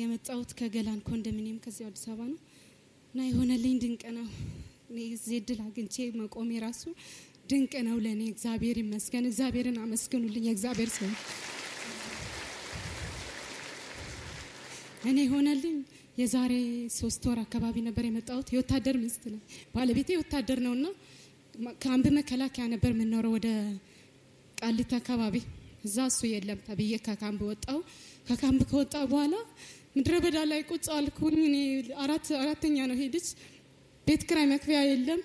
የመጣሁት ከገላን ኮንዶሚኒየም ከዚያው አዲስ አበባ ነው እና የሆነልኝ ድንቅ ነው። እኔ እዚህ እድል አግኝቼ መቆሜ ራሱ ድንቅ ነው ለእኔ። እግዚአብሔር ይመስገን። እግዚአብሔርን አመስግኑልኝ። እግዚአብሔር ሰው እኔ የሆነልኝ የዛሬ ሶስት ወር አካባቢ ነበር የመጣሁት። የወታደር ሚስት ነኝ። ባለቤቴ የወታደር እና ከአንብ መከላከያ ነበር የምኖረው ወደ ቃሊት አካባቢ። እዛ እሱ የለም ተብዬ ከካምብ ወጣው። ከካምብ ከወጣ በኋላ ምድረ በዳ ላይ ቁጭ አልኩኝ። እኔ አራተኛ ነው ሄድች። ቤት ክራይ መክፈያ የለም።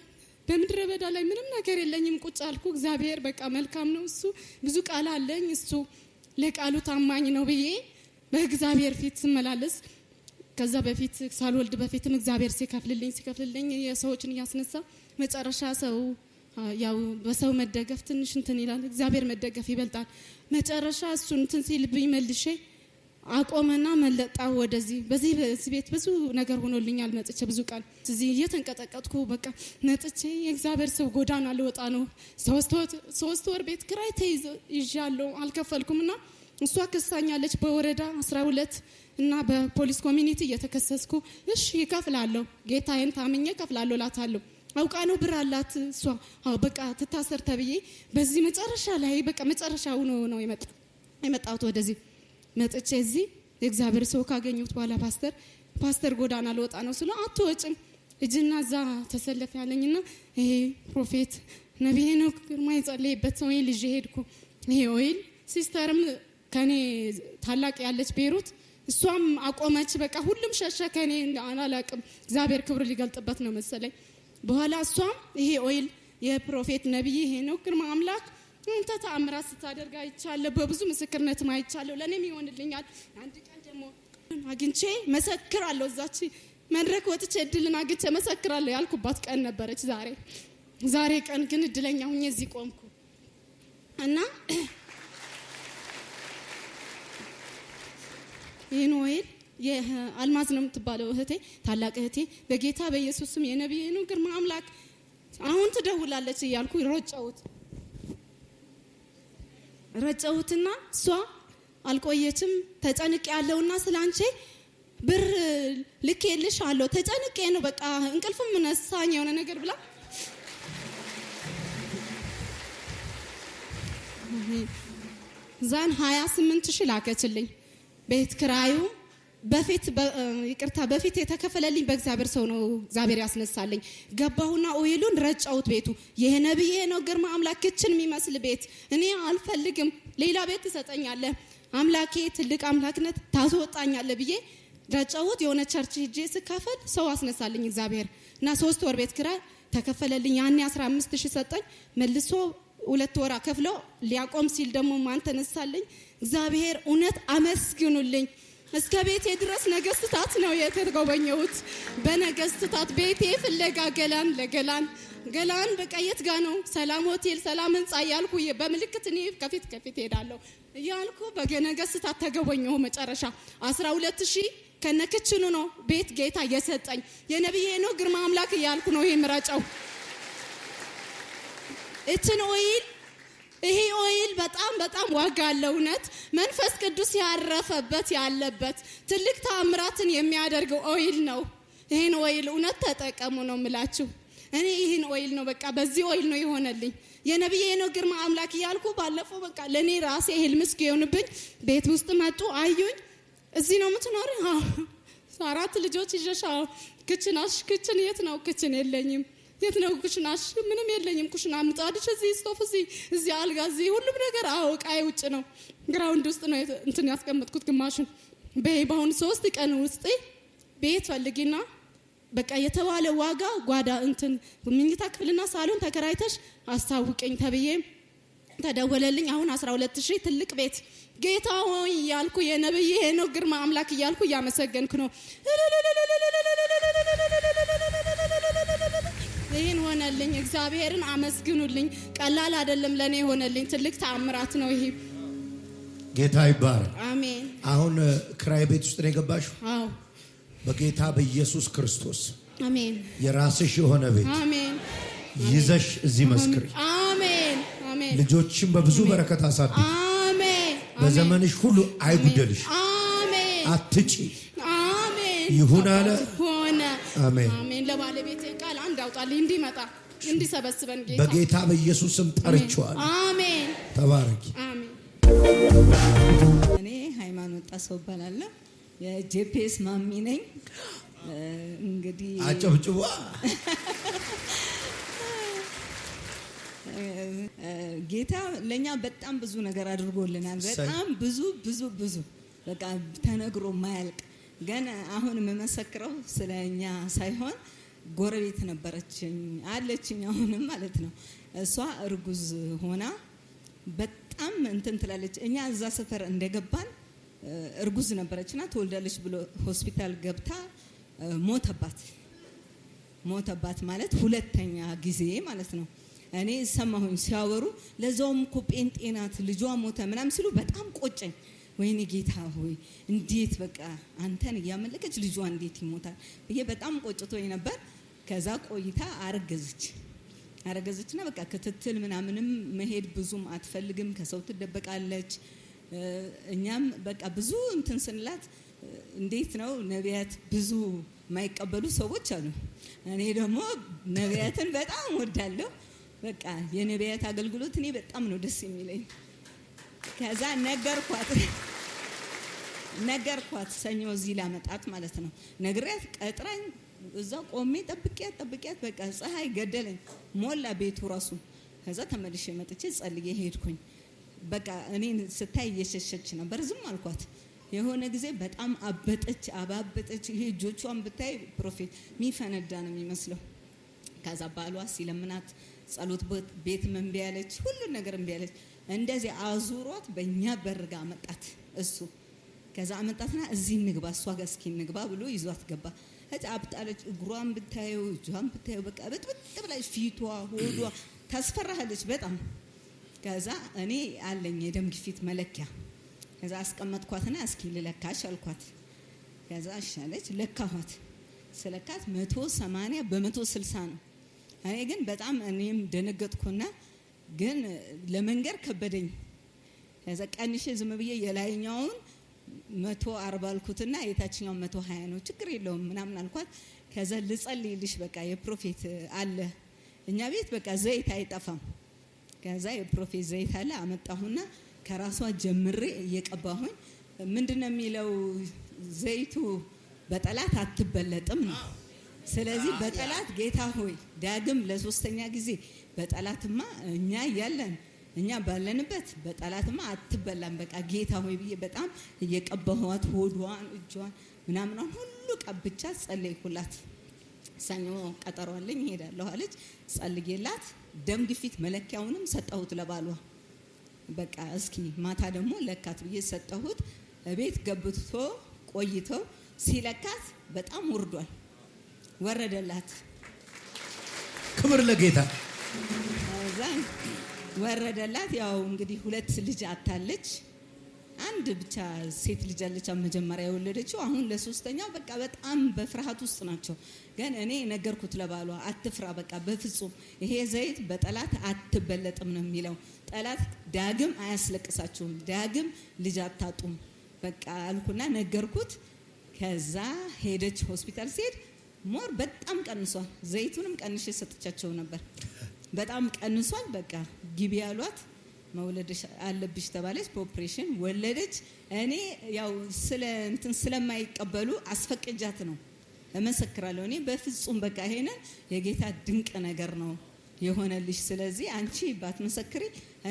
በምድረ በዳ ላይ ምንም ነገር የለኝም። ቁጭ አልኩ። እግዚአብሔር በቃ መልካም ነው እሱ ብዙ ቃል አለኝ እሱ ለቃሉ ታማኝ ነው ብዬ በእግዚአብሔር ፊት ስመላለስ ከዛ በፊት ሳልወልድ በፊትም እግዚአብሔር ሲከፍልልኝ ሲከፍልልኝ የሰዎችን እያስነሳ መጨረሻ ሰው ያው በሰው መደገፍ ትንሽ እንትን ይላል። እግዚአብሔር መደገፍ ይበልጣል። መጨረሻ እሱ እንትን ሲልብኝ መልሼ አቆመና መለጣ ወደዚህ በዚህ ቤት ብዙ ነገር ሆኖልኛል። መጥቼ ብዙ ቀን እዚህ እየተንቀጠቀጥኩ በቃ መጥቼ የእግዚአብሔር ሰው ጎዳና ልወጣ ነው። ሶስት ወር ቤት ክራይ ተይዘ ይዣለሁ አልከፈልኩም እና እሷ ከሳኛለች በወረዳ 12 እና በፖሊስ ኮሚኒቲ እየተከሰስኩ እሺ ይከፍላለሁ፣ ጌታዬን ታምኜ ከፍላለሁ ላታለሁ አውቃ ነው ብር አላት እሷ። አዎ በቃ ትታሰር ተብዬ በዚህ መጨረሻ ላይ በቃ መጨረሻው ነው ነው የመጣሁት ወደዚህ መጥቼ እዚህ የእግዚአብሔር ሰው ካገኙት በኋላ ፓስተር ፓስተር ጎዳና ልወጣ ነው ስለ አትወጭም እጅና እዛ ተሰለፍ ያለኝና ይሄ ፕሮፌት ነቢይ ነው ግርማ የጸለይበት ሰው ልጅ ሄድኩ። ይሄ ኦይል ሲስተርም ከኔ ታላቅ ያለች ቤሩት እሷም አቆመች። በቃ ሁሉም ሸሸ። ከኔ አላላቅም እግዚአብሔር ክብር ሊገልጥበት ነው መሰለኝ። በኋላ እሷም ይሄ ኦይል የፕሮፌት ነቢይ ነው ግርማ አምላክ እንተ ተአምራት ስታደርግ አይቻለሁ። በብዙ ምስክርነት አይቻለሁ። ለእኔም ይሆንልኛል። አንድ ቀን ደግሞ አግኝቼ መሰክራለሁ። እዛች መድረክ ወጥቼ እድልን አግኝቼ መሰክራለሁ ያልኩባት ቀን ነበረች ዛሬ። ዛሬ ቀን ግን እድለኛ ሁኜ እዚህ ቆምኩ እና ይህን የአልማዝ አልማዝ ነው የምትባለው እህቴ፣ ታላቅ እህቴ በጌታ በኢየሱስም የነቢይኑ ግርማ አምላክ አሁን ትደውላለች እያልኩ ሮጫውት ረጨሁትና እሷ አልቆየችም። ተጨንቄ ያለውና ስለ ብር ልኬልሽ አለው ተጨንቄ ነው በቃ እንቅልፍም ነሳኝ የሆነ ነገር ብላ ዛን 28 ስምንት ላከችልኝ ቤት ክራዩ በፊት ይቅርታ በፊት የተከፈለልኝ በእግዚአብሔር ሰው ነው። እግዚአብሔር ያስነሳለኝ። ገባሁና ኦይሉን ረጫውት። ቤቱ ይሄ ነብዬ ነው፣ ግርማ አምላክ ክችን የሚመስል ቤት እኔ አልፈልግም፣ ሌላ ቤት ትሰጠኛለህ፣ አምላኬ ትልቅ አምላክነት ታስወጣኛለህ ብዬ ረጫውት። የሆነ ቸርች ሄጄ ስካፈል ሰው አስነሳልኝ እግዚአብሔር እና ሶስት ወር ቤት ክራ ተከፈለልኝ። ያኔ 15 ሺህ ሰጠኝ። መልሶ ሁለት ወር ከፍለው ሊያቆም ሲል ደግሞ ማን ተነሳልኝ። እግዚአብሔር እውነት አመስግኑልኝ። እስከ ቤቴ ድረስ ነገስታት ነው የተጎበኘሁት። በነገስታት ቤቴ ፍለጋ ገላን ለገላን ገላን በቀየት ጋ ነው ሰላም ሆቴል፣ ሰላም ህንፃ እያልኩ በምልክት እኔ ከፊት ከፊት ሄዳለሁ እያልኩ በነገስታት ተጎበኘሁ። መጨረሻ 12 ሺህ ከነክችኑ ነው ቤት ጌታ የሰጠኝ የነቢዬ ነው ግርማ አምላክ እያልኩ ነው ይሄ ምረጨው እችን ኦይል በጣም ዋጋ አለው። እውነት መንፈስ ቅዱስ ያረፈበት ያለበት ትልቅ ተአምራትን የሚያደርገው ኦይል ነው። ይህን ኦይል እውነት ተጠቀሙ ነው ምላችሁ። እኔ ይህን ኦይል ነው በቃ በዚህ ኦይል ነው የሆነልኝ የነቢይ ሄኖክ ግርማ አምላክ እያልኩ ባለፈው በቃ ለእኔ ራሴ ህልም እስኪሆንብኝ ቤት ውስጥ መጡ አዩኝ። እዚህ ነው የምትኖሪ? አራት ልጆች ይዤሽ? ክችን አሽ ክችን የት ነው? ክችን የለኝም የት ነው ኩሽናሽ? ምንም የለኝም ኩሽና። ምጣድሽ እዚህ፣ ስቶፍ እዚህ፣ እዚህ አልጋ እዚህ፣ ሁሉም ነገር አወቃዬ ውጭ ነው። ግራውንድ ውስጥ ነው እንትን ያስቀምጥኩት ግማሹን። በይ በአሁኑ ሶስት ቀን ውስጥ ቤት ፈልጊና በቃ የተባለ ዋጋ ጓዳ እንትን ምኝታ ክፍልና ሳሎን ተከራይተሽ አስታውቀኝ ተብዬ ተደወለልኝ። አሁን 12 ሺህ ትልቅ ቤት ጌታ ሆይ እያልኩ የነብይ ሄኖክ ግርማ አምላክ እያልኩ እያመሰገንኩ ነው። ይህን ሆነልኝ። እግዚአብሔርን አመስግኑልኝ። ቀላል አይደለም ለእኔ ሆነልኝ። ትልቅ ተአምራት ነው ይሄ። ጌታ ይባረ አሜን። አሁን ክራይ ቤት ውስጥ ነው የገባሽ? አዎ። በጌታ በኢየሱስ ክርስቶስ አሜን። የራስሽ የሆነ ቤት አሜን። ይዘሽ እዚህ መስክሪ። አሜን። አሜን። ልጆችን በብዙ በረከት አሳድግ። አሜን። በዘመንሽ ሁሉ አይጉደልሽ። አሜን። አትጪ። አሜን። ይሁን አለ ሆነ። አሜን። አሜን። ለባለቤቴ ያውጣልኝ እንዲመጣ እንዲሰበስበን ጌታ በጌታ በኢየሱስም አሜን። ተባረኪ። እኔ ሃይማኖት ጣሰው እባላለሁ። የጄፒኤስ ማሚ ነኝ። እንግዲህ አጨብጭቧ ጌታ ለእኛ በጣም ብዙ ነገር አድርጎልናል። በጣም ብዙ ብዙ ብዙ በቃ ተነግሮ ማያልቅ ግን አሁን የምመሰክረው ስለ እኛ ሳይሆን ጎረቤት ነበረችኝ አለችኝ፣ አሁንም ማለት ነው። እሷ እርጉዝ ሆና በጣም እንትን ትላለች። እኛ እዛ ሰፈር እንደገባን እርጉዝ ነበረችና ትወልዳለች ብሎ ሆስፒታል ገብታ ሞተባት። ሞተባት ማለት ሁለተኛ ጊዜ ማለት ነው። እኔ ሰማሁኝ ሲያወሩ፣ ለዛውም እኮ ጴንጤ ልጇ ሞተ ምናምን ሲሉ በጣም ቆጨኝ። ወይኔ ጌታ ሆይ እንዴት በቃ አንተን እያመለከች ልጇ እንዴት ይሞታል ብዬ በጣም ቆጭቶኝ ነበር። ከዛ ቆይታ አረገዘች አረገዘችና በቃ ክትትል ምናምንም መሄድ ብዙም አትፈልግም፣ ከሰው ትደበቃለች። እኛም በቃ ብዙ እንትን ስንላት እንዴት ነው ነቢያት ብዙ የማይቀበሉ ሰዎች አሉ። እኔ ደግሞ ነቢያትን በጣም ወዳለሁ። በቃ የነቢያት አገልግሎት እኔ በጣም ነው ደስ የሚለኝ። ከዛ ነገርኳት ነገርኳት ሰኞ እዚህ ላመጣት ማለት ነው። ነግሬያት ቀጥረኝ እዛ ቆሜ ጠብቂያት ጠብቂያት በቃ ፀሐይ ገደለኝ ሞላ ቤቱ ራሱ። ከዛ ተመልሼ መጥቼ ጸልዬ ሄድኩኝ። በቃ እኔን ስታይ እየሸሸች ነበር። ዝም አልኳት። የሆነ ጊዜ በጣም አበጠች አባበጠች። ይሄ እጆቿን ብታይ ፕሮፌት ሚፈነዳ ነው የሚመስለው። ከዛ ባሏ ሲለምናት ጸሎት ቤት እምቢ አለች፣ ሁሉን ነገር እምቢ አለች። እንደዚህ አዙሯት በእኛ በርጋ መጣት እሱ ከዛ አመጣትና እዚህ እንግባ እሷ ጋር እስኪ እንግባ ብሎ ይዟት ገባ። እዛ አብጣለች። እግሯን ብታየው እጇን ብታየው በቃ ብጥብጥ ብላች፣ ፊቷ ሆዷ ታስፈራሃለች በጣም። ከዛ እኔ አለኝ የደም ግፊት መለኪያ። ከዛ አስቀመጥኳትና እስኪ ልለካሽ አልኳት። ከዛ አሻለች፣ ለካኋት። ስለካት መቶ ሰማንያ በመቶ ስልሳ ነው። እኔ ግን በጣም እኔም ደነገጥኩና ግን ለመንገር ከበደኝ። ከዛ ቀንሼ ዝም ብዬ የላይኛውን መቶ አርባ አልኩትና የታችኛውን መቶ ሀያ ነው ችግር የለውም ምናምን አልኳት። ከዛ ልጸልይልሽ በቃ የፕሮፌት አለ እኛ ቤት በቃ ዘይት አይጠፋም። ከዛ የፕሮፌት ዘይት አለ አመጣሁና ከራሷ ጀምሬ እየቀባሁኝ ምንድነው የሚለው ዘይቱ በጠላት አትበለጥም ነው ስለዚህ በጠላት ጌታ ሆይ ዳግም ለሶስተኛ ጊዜ በጠላትማ እኛ ያለን እኛ ባለንበት በጠላትማ አትበላም። በቃ ጌታ ሆይ ብዬ በጣም እየቀባኋት ሆዷን፣ እጇን ምናምኗን ሁሉ ቀብቻ ጸለይኩላት። ሰኞ ቀጠሮ አለኝ እሄዳለሁ አለች። ጸልጌላት ደም ግፊት መለኪያውንም ሰጠሁት ለባሏ። በቃ እስኪ ማታ ደግሞ ለካት ብዬ ሰጠሁት። ቤት ገብቶ ቆይተው ሲለካት በጣም ወርዷል። ወረደላት። ክብር ለጌታ ወረደላት። ያው እንግዲህ ሁለት ልጅ አታለች። አንድ ብቻ ሴት ልጅ አለች መጀመሪያ የወለደችው። አሁን ለሶስተኛው በቃ በጣም በፍርሃት ውስጥ ናቸው። ግን እኔ ነገርኩት ለባሏ፣ አትፍራ በቃ በፍጹም ይሄ ዘይት በጠላት አትበለጥም ነው የሚለው። ጠላት ዳግም አያስለቅሳችሁም፣ ዳግም ልጅ አታጡም በቃ አልኩና ነገርኩት። ከዛ ሄደች ሆስፒታል ሲሄድ ሞር በጣም ቀንሷል። ዘይቱንም ቀንሼ ሰጥቻቸው ነበር። በጣም ቀንሷል። በቃ ግቢ ያሏት መውለድ አለብሽ ተባለች። በኦፕሬሽን ወለደች። እኔ ያው ስለ እንትን ስለማይቀበሉ አስፈቅጃት ነው እመሰክራለሁ። እኔ በፍጹም በቃ ይሄንን የጌታ ድንቅ ነገር ነው የሆነልሽ። ስለዚህ አንቺ ባትመሰክሪ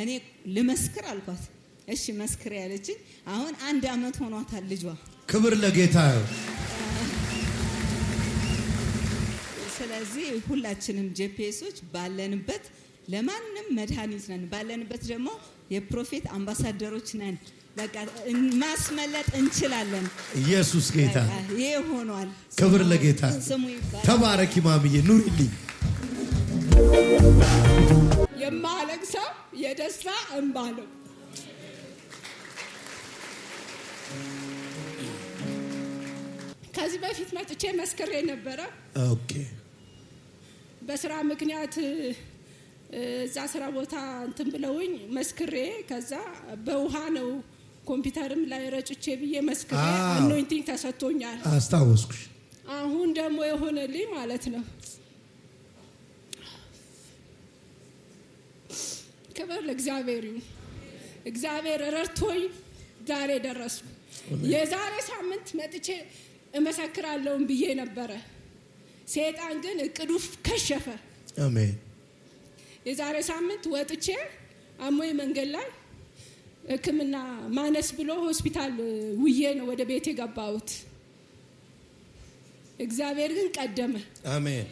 እኔ ልመስክር አልኳት። እሺ መስክር ያለችኝ። አሁን አንድ አመት ሆኗታል ልጇ። ክብር ለጌታ ሁላችንም ጄፒኤሶች ባለንበት ለማንም መድኃኒት ነን። ባለንበት ደግሞ የፕሮፌት አምባሳደሮች ነን። በቃ ማስመለጥ እንችላለን። ኢየሱስ ጌታ ይህ ሆኗል። ክብር ለጌታ። ተባረኪ ማምዬ ኑሪልኝ። ሰው የደስታ እንባ ነው። ከዚህ በፊት መጥቼ መስክሬ ነበረ። ኦኬ በስራ ምክንያት እዛ ስራ ቦታ እንትን ብለውኝ መስክሬ ከዛ በውሃ ነው ኮምፒውተርም ላይ ረጭቼ ብዬ መስክሬ አኖይንቲንግ ተሰጥቶኛል። አስታወስኩ አሁን ደግሞ የሆነልኝ ማለት ነው። ክብር ለእግዚአብሔር ይሁን። እግዚአብሔር ረድቶኝ ዛሬ ደረሱ። የዛሬ ሳምንት መጥቼ እመሰክራለሁም ብዬ ነበረ ሰይጣን ግን እቅዱ ከሸፈ። አሜን። የዛሬ ሳምንት ወጥቼ አሞይ መንገድ ላይ ሕክምና ማነስ ብሎ ሆስፒታል ውዬ ነው ወደ ቤት የገባሁት። እግዚአብሔር ግን ቀደመ። አሜን።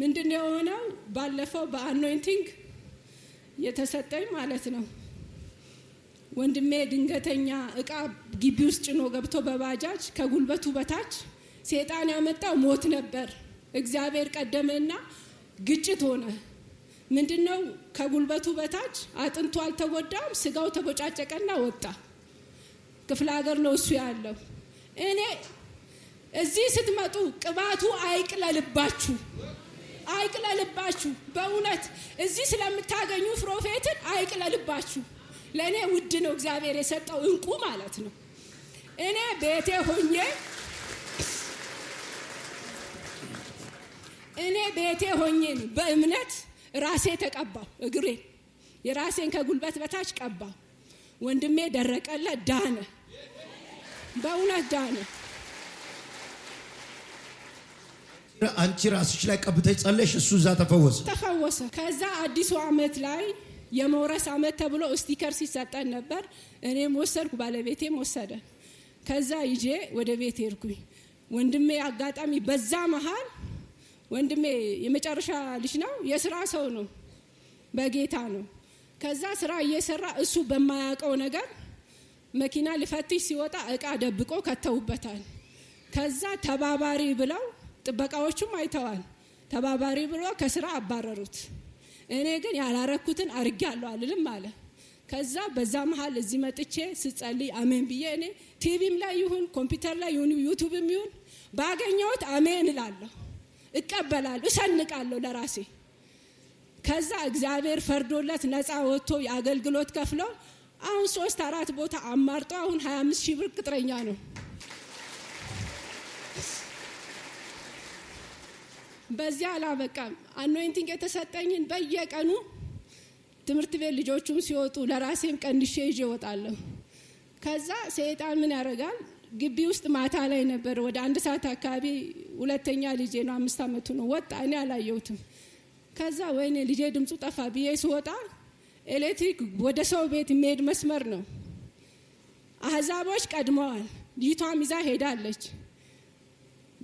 ምንድን የሆነው? ባለፈው በአኖይንቲንግ የተሰጠኝ ማለት ነው ወንድሜ ድንገተኛ እቃ ግቢ ውስጥ ጭኖ ገብቶ በባጃጅ ከጉልበቱ በታች ሴጣን ያመጣው ሞት ነበር። እግዚአብሔር ቀደመና ግጭት ሆነ። ምንድን ነው? ከጉልበቱ በታች አጥንቱ አልተጎዳም፣ ስጋው ተቦጫጨቀና ወጣ። ክፍለ ሀገር ነው እሱ ያለው። እኔ እዚህ ስትመጡ ቅባቱ አይቅለልባችሁ አይቅለልባችሁ በእውነት እዚህ ስለምታገኙ ፕሮፌትን አይቅለልባችሁ። ለእኔ ውድ ነው እግዚአብሔር የሰጠው እንቁ ማለት ነው። እኔ ቤቴ ሆኜ እኔ ቤቴ ሆኜ ነው በእምነት ራሴ ተቀባው። እግሬ የራሴን ከጉልበት በታች ቀባው። ወንድሜ ደረቀለ፣ ዳነ፣ በእውነት ዳነ። አንቺ ራስሽ ላይ ቀብተሽ ጸለሽ፣ እሱ እዛ ተፈወሰ ተፈወሰ። ከዛ አዲሱ አመት ላይ የመውረስ አመት ተብሎ ስቲከር ሲሰጠን ነበር። እኔም ወሰድኩ፣ ባለቤቴም ወሰደ። ከዛ ይዤ ወደ ቤት ሄድኩኝ። ወንድሜ አጋጣሚ በዛ መሃል ወንድሜ የመጨረሻ ልጅ ነው። የስራ ሰው ነው፣ በጌታ ነው። ከዛ ስራ እየሰራ እሱ በማያውቀው ነገር መኪና ልፈትሽ ሲወጣ እቃ ደብቆ ከተውበታል። ከዛ ተባባሪ ብለው ጥበቃዎቹም አይተዋል። ተባባሪ ብሎ ከስራ አባረሩት። እኔ ግን ያላረኩትን አድርጌያለሁ አልልም አለ። ከዛ በዛ መሀል እዚህ መጥቼ ስጸልይ አሜን ብዬ እኔ ቲቪም ላይ ይሁን ኮምፒውተር ላይ ይሁን ዩቱብም ይሁን ባገኘሁት አሜን እላለሁ። እቀበላለሁ፣ እሰንቃለሁ ለራሴ። ከዛ እግዚአብሔር ፈርዶለት ነፃ ወጥቶ የአገልግሎት ከፍሎ አሁን ሶስት አራት ቦታ አማርጦ አሁን 25 ሺህ ብር ቅጥረኛ ነው። በዚያ አላበቃም። አኖይንቲንግ የተሰጠኝን በየቀኑ ትምህርት ቤት ልጆቹም ሲወጡ ለራሴም ቀንሼ ይዤ እወጣለሁ። ከዛ ሰይጣን ምን ያደርጋል? ግቢ ውስጥ ማታ ላይ ነበር ወደ አንድ ሰዓት አካባቢ። ሁለተኛ ልጄ ነው አምስት አመቱ ነው ወጣ። እኔ አላየሁትም። ከዛ ወይኔ ልጄ ድምፁ ጠፋ ብዬ ስወጣ ኤሌክትሪክ ወደ ሰው ቤት የሚሄድ መስመር ነው። አህዛቦች ቀድመዋል። ልጅቷም ይዛ ሄዳለች።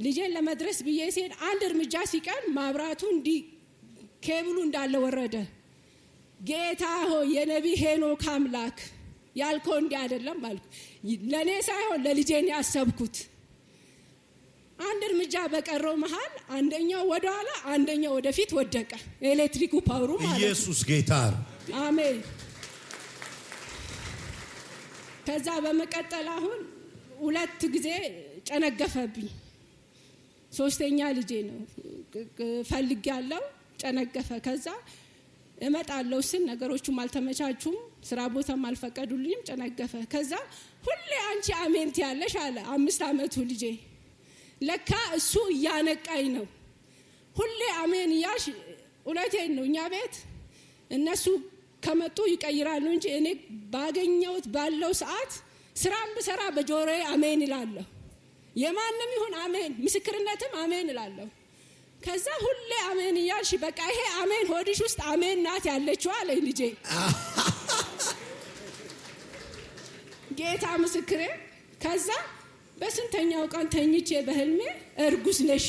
ልጄን ለመድረስ ብዬ ሲሄድ አንድ እርምጃ ሲቀር ማብራቱ እንዲ ኬብሉ እንዳለ ወረደ። ጌታ ሆይ የነቢ ሄኖክ አምላክ ያልከው እንዲህ አይደለም አልኩ። ለእኔ ሳይሆን ለልጄን ያሰብኩት አንድ እርምጃ በቀረው መሀል አንደኛው ወደኋላ አንደኛው ወደፊት ወደቀ። ኤሌክትሪኩ ፓውሩ ማለት ኢየሱስ ጌታ አሜን። ከዛ በመቀጠል አሁን ሁለት ጊዜ ጨነገፈብኝ። ሶስተኛ ልጄ ነው ፈልግ ያለው ጨነገፈ። ከዛ እመጣለሁ ስን ነገሮቹም አልተመቻቹም፣ ስራ ቦታም አልፈቀዱልኝም፣ ጨነገፈ። ከዛ ሁሌ አንቺ አሜንት ያለሽ አለ አምስት አመቱ ልጄ። ለካ እሱ እያነቃኝ ነው። ሁሌ አሜን እያሽ እውነቴን ነው። እኛ ቤት እነሱ ከመጡ ይቀይራሉ እንጂ እኔ ባገኘውት ባለው ሰዓት ስራም ብሰራ በጆሮዬ አሜን እላለሁ። የማንም ይሁን አሜን፣ ምስክርነትም አሜን እላለሁ። ከዛ ሁሌ አሜን እያልሽ በቃ ይሄ አሜን ሆድሽ ውስጥ አሜን ናት ያለችው አለኝ ልጄ። ጌታ ምስክሬ። ከዛ በስንተኛው ቀን ተኝቼ በህልሜ እርጉዝ ነሽ፣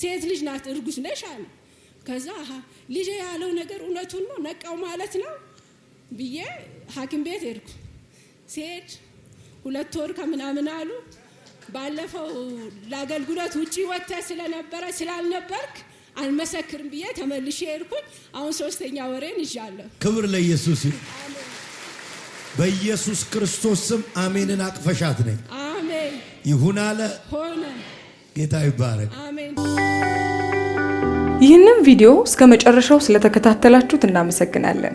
ሴት ልጅ ናት፣ እርጉዝ ነሽ አለ። ከዛ ልጄ ያለው ነገር እውነቱን ነው ነቃው ማለት ነው ብዬ ሐኪም ቤት ሄድኩ። ስሄድ ሁለት ወር ከምናምን አሉ ባለፈው ለአገልግሎት ውጪ ወጥተ ስለነበረ ስላልነበርክ አልመሰክርም ብዬ ተመልሼ ሄድኩኝ። አሁን ሶስተኛ ወሬን ይዣለሁ። ክብር ለኢየሱስ ይሁን። በኢየሱስ ክርስቶስ ስም አሜንን አቅፈሻት ነኝ። አሜን ይሁን አለ ሆነ። ጌታ ይባረክ። አሜን። ይህንም ቪዲዮ እስከ መጨረሻው ስለተከታተላችሁት እናመሰግናለን።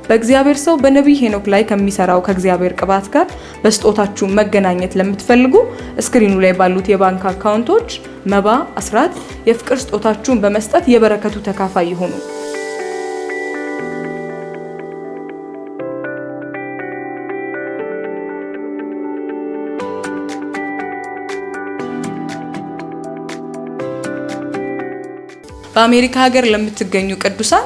በእግዚአብሔር ሰው በነቢይ ሄኖክ ላይ ከሚሰራው ከእግዚአብሔር ቅባት ጋር በስጦታችሁ መገናኘት ለምትፈልጉ እስክሪኑ ላይ ባሉት የባንክ አካውንቶች መባ፣ አስራት፣ የፍቅር ስጦታችሁን በመስጠት የበረከቱ ተካፋይ ይሆኑ በአሜሪካ ሀገር ለምትገኙ ቅዱሳን